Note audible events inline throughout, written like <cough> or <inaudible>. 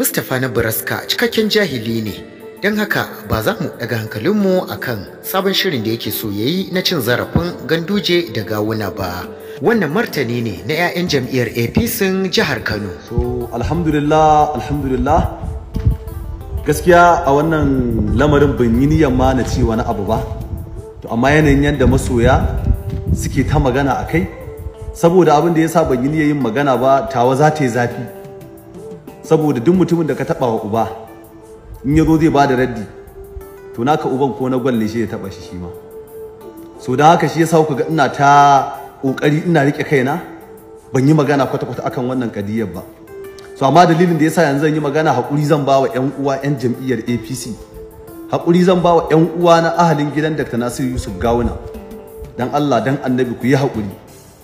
Mustapha na Baraska cikakken jahili ne, don haka ba za mu daga hankalinmu a kan sabon shirin da yake so yayi na cin zarafin ganduje da gawuna ba. Wannan martani ne na 'ya'yan jam'iyyar APC jihar Kano. So, alhamdulillah, alhamdulillah. Gaskiya a wannan lamarin ban yi niyyar ma na ci wani abu ba. To amma yanayin yadda masoya suke ta magana a kai, saboda abin da ya sa ban yi niyyar yin magana ba tawa za ta yi zafi. saboda duk mutumin da ka taba wa uba in ya zo zai ba da raddi to naka uban ko na gwalle shi ya taba shi shi ma so da haka shi yasa ku ga ina ta kokari ina rike kaina ban yi magana kwata kwata akan wannan kadiyar ba so amma dalilin da ya sa yanzu zan yi magana hakuri zan ba wa 'yan uwa ƴan jam'iyyar APC Haƙuri zan ba wa ƴan uwa na ahalin gidan Dr. Nasir Yusuf Gawuna dan Allah dan Annabi ku yi hakuri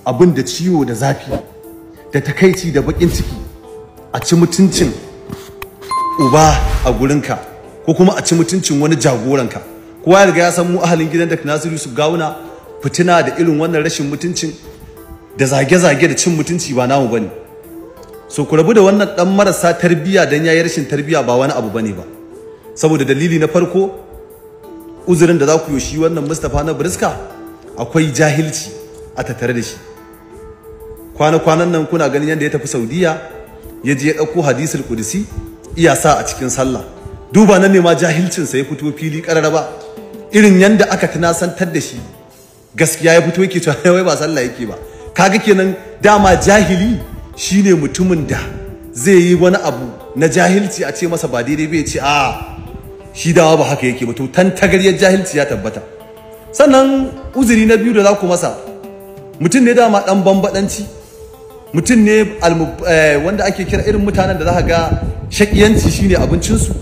abin da ciwo da zafi da takaici da bakin ciki a ci mutuncin uba a gurinka ko kuma a ci mutuncin wani jagoranka kowa ya riga ya san mu ahalin gidan da Nasiru Yusuf Gawuna fitina da irin wannan rashin mutuncin da zage-zage da cin mutunci ba namu bane so ku rabu da wannan dan marasa tarbiya dan yayi rashin tarbiya ba wani abu bane ba saboda dalili na farko uzurin da za ku yoshi wannan Mustapha na Briska akwai jahilci a tattare da shi kwana-kwanan nan kuna ganin yadda ya tafi Saudiya ya je ya ɗauko hadisul kudisi iya sa a cikin sallah duba nan ne ma jahilcinsa ya fito fili ƙararraba irin yanda aka tunasantar da shi gaskiya ya fito yake cewa <laughs> wai ba sallah yake ba kaga kenan dama jahili shine mutumin da zai yi wani abu na jahilci a ce masa ba daidai bai ce a shi dawa ba haka yake ba to tan tagaryar jahilci ya tabbata sannan uzuri na biyu da za ku masa mutum ne dama ɗan bambadanci mutum ne eh, wanda ake kira irin mutanen da za ga shakiyanci ne abincinsu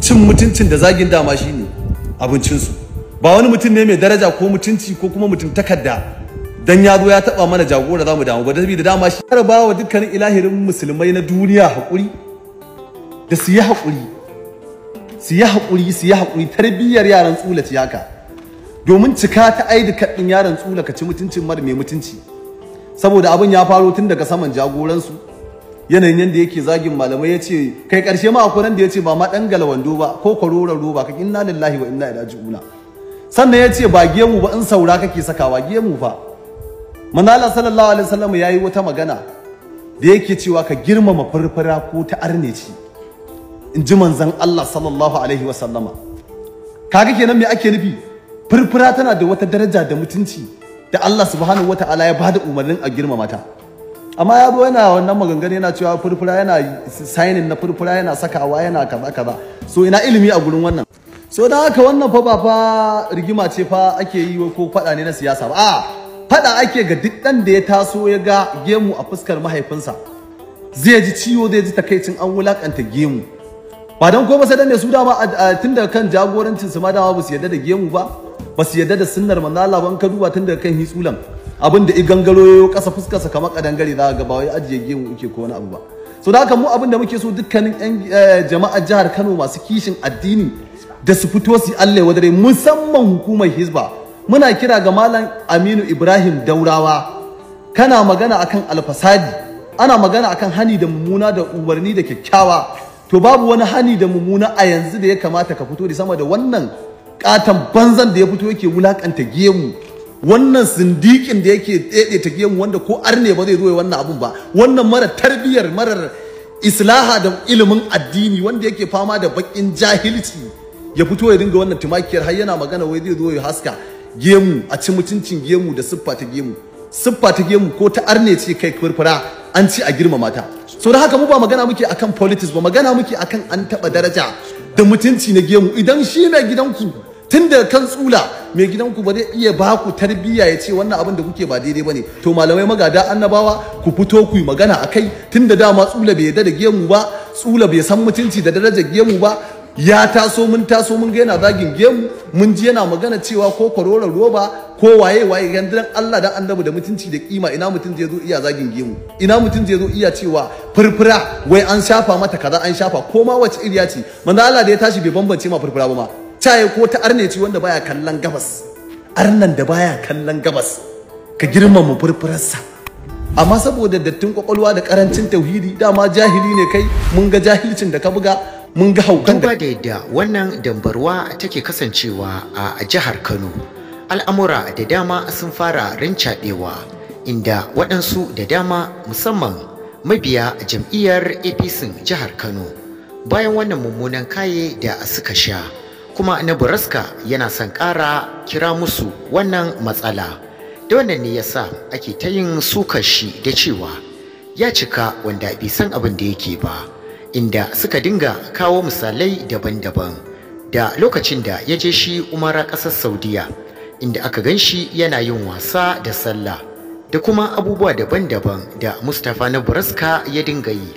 cin mutuncin da zagin dama ne abincinsu ba wani mutum ne mai daraja ko mutunci ko kuma mutum takarda dan ya zo ya taba mana jagora mu damu ba da saboda dama shi ba wa dukkanin ilahirin musulmai na duniya hakuri da su yi hakuri su yi hakuri su yi hakuri tarbiyyar yaran tsula tiyaka domin cika ta aidi din yaran tsula ka ci mutuncin mara mai mutunci saboda abin ya faro tun daga saman jagoransu yanayin yadda yake zagin malamai ya ce kai karshe ma akwai da ya ce ba ma ɗan galawando ba ko kwaroron roba ka inna lillahi wa inna ilaji una sannan ya ce ba gemu ba in saura kake sakawa gemu fa manala sallallahu alaihi wasallam yayi wata magana da yake cewa ka girmama farfara ko ta arneci in ji manzan Allah sallallahu alaihi wasallama kaga kenan me ake nufi furfura tana da wata daraja da mutunci da Allah subhanahu wata'ala ya bada umarnin a girmama ta amma ya zo yana wannan maganganu yana cewa furfura yana signing na furfura yana sakawa yana kaza kaza so ina ilimi a gurin wannan so da haka wannan fa ba fa rigima ce fa ake yi ko fada ne na siyasa ba a fada ake ga duk dan da ya taso ya ga gemu a fuskar mahaifinsa zai ji ciwo zai ji takaicin an wulakanta gemu ba don ko ba sai dan ne su dama tun daga kan jagorancin su ma dama ba su yarda da gemu ba ba su yarda da sunnar ma Allah ba ka duba tun daga kan hisulan abin da yau kasa fuskarsa kamar kadangare za ga ba wai ajiye gemu yake ko wani abu ba so da haka mu abin da muke so dukkanin yan eh, jama'a jihar Kano masu kishin addini da su fito su Allah wa musamman hukumar Hisba. muna kira ga malam Aminu Ibrahim Daurawa kana magana akan alfasadi ana magana akan hani da mummuna da umarni da kyakkyawa to babu wani hani da mummuna a yanzu da ya kamata ka fito da sama da wannan katan banzan da ya fito yake wulakanta gemu wannan sindikin da yake ta gemu wanda ko arne ba zai zo ya wannan abun ba wannan mara tarbiyar marar islaha da ilimin addini wanda yake fama da bakin jahilci ya fito ya dinga wannan tumakiyar har yana magana wai zai zo ya haska gemu a ci mutuncin gemu da siffa ta gemu siffa ta gemu ko ta arne ce kai furfura an ci a girmama ta so da haka mu ba magana muke akan politics ba magana muke akan an taba daraja da mutunci na gemu idan shi mai gidanku tun da kan tsula mai gidanku ba zai iya ba ku tarbiyya ya ce wannan abin da kuke ba daidai ba ne to malamai magada annabawa ku fito ku yi magana akai tun da dama tsula bai yarda da gemu ba tsula bai san mutunci da darajar gemu ba ya taso mun taso mun ga yana zagin gemu mun ji yana magana cewa ko kwaroron roba ko waye waye gandan Allah da annabi da mutunci da kima ina mutum zai zo iya zagin gemu ina mutum zai zo iya cewa furfura wai an shafa mata kaza an shafa ko ma wace iriya ce manzo Allah da ya tashi bai bambance ma furfura ba ma caye ko ta arne ce wanda baya kallon gabas arnan da baya kallon gabas ka girmama furfurarsa amma saboda dattin kwakwalwa da karancin tauhidi dama jahili ne kai mun ga jahilcin da ka buga mun ga haukan da da yadda wannan dambarwa take kasancewa a jihar Kano al'amura da dama sun fara rincaɗewa inda waɗansu da dama musamman mabiya jam'iyyar APC jihar Kano bayan wannan mummunan kaye da suka sha kuma na buraska yana son ƙara kira musu wannan matsala da wannan ne yasa ake ta yin sukar shi da cewa ya cika wanda bai san abin da yake ba inda suka dinga kawo misalai daban-daban da lokacin da ya je shi umara ƙasar saudiya inda aka gan shi yana yin wasa da sallah da kuma abubuwa daban-daban da mustapha na buraska ya dinga yi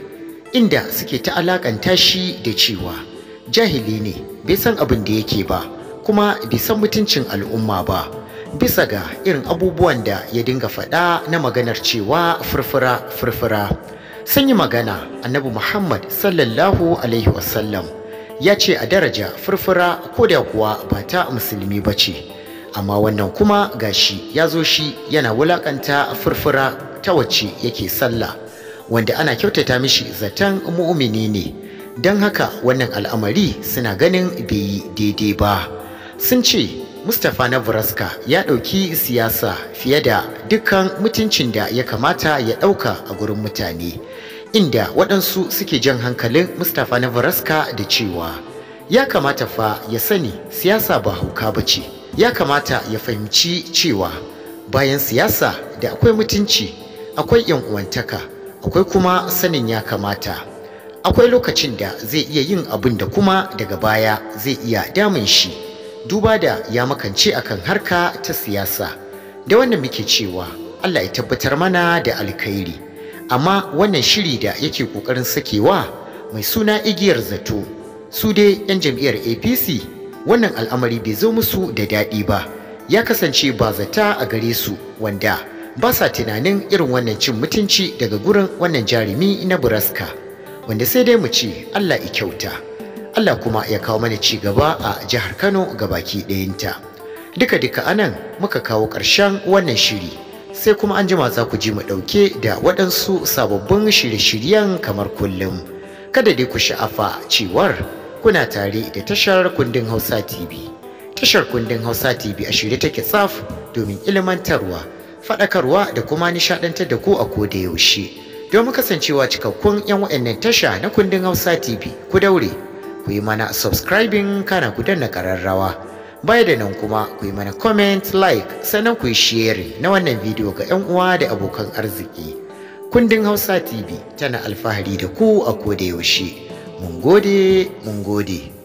inda suke ta alakanta shi da cewa jahili ne bai san abin da yake ba kuma bai san mutuncin al'umma ba bisa ga irin abubuwan da ya dinga faɗa na maganar cewa furfura furfura sun yi magana annabi muhammad sallallahu alaihi wasallam ya ce a daraja furfura ko da kuwa ba ta musulmi ba ce amma wannan kuma gashi ya zo shi yana wulakanta furfura ta wacce yake sallah wanda ana kyautata mishi zaton mu'mini ne don haka wannan al'amari suna ganin bai yi daidai ba sun ce mustapha navraska ya ɗauki siyasa fiye da dukkan mutuncin da ya kamata ya ɗauka a gurin mutane inda waɗansu suke jan hankalin Mustapha Navaraska da cewa ya kamata fa ya sani siyasa ba hauka ba ce, ya kamata ya fahimci cewa bayan siyasa da akwai mutunci, akwai 'yan uwantaka, akwai kuma sanin ya kamata. Akwai lokacin da zai iya yin abin da kuma daga baya zai iya damun shi, duba da ya makance akan harka ta siyasa. Da wannan muke cewa Allah ya tabbatar mana da alkhairi. amma wannan shiri da yake kokarin sakewa mai suna igiyar zato su dai 'yan jam'iyyar apc wannan al'amari bai zo musu da daɗi ba ya kasance ba zata a gare su wanda ba sa tunanin irin wannan cin mutunci daga gurin wannan jarumi na buraska wanda sai dai mu ce allah i kyauta allah kuma ya kawo mana ci gaba a jihar kano ga baki ɗayanta duka-duka anan muka kawo ƙarshen wannan shiri sai kuma an jima za ku ji mu ɗauke da waɗansu sababbin shirye-shiryen kamar kullum kada dai ku sha'afa cewar kuna tare da tashar kundin hausa tv tashar kundin hausa tv a shirye take tsaf domin ilmantarwa faɗakarwa da kuma nishaɗantar da ku a koda yaushe domin kasancewa cikakkun 'yan wa'annan tasha na kundin hausa tv ku daure ku yi mana subscribing kana ku danna ƙararrawa bai da nan kuma ku yi mana comment like sannan ku yi na wannan bidiyo ga 'yan uwa da abokan arziki kundin hausa tv tana alfahari da ku a koda yaushe mun gode mun gode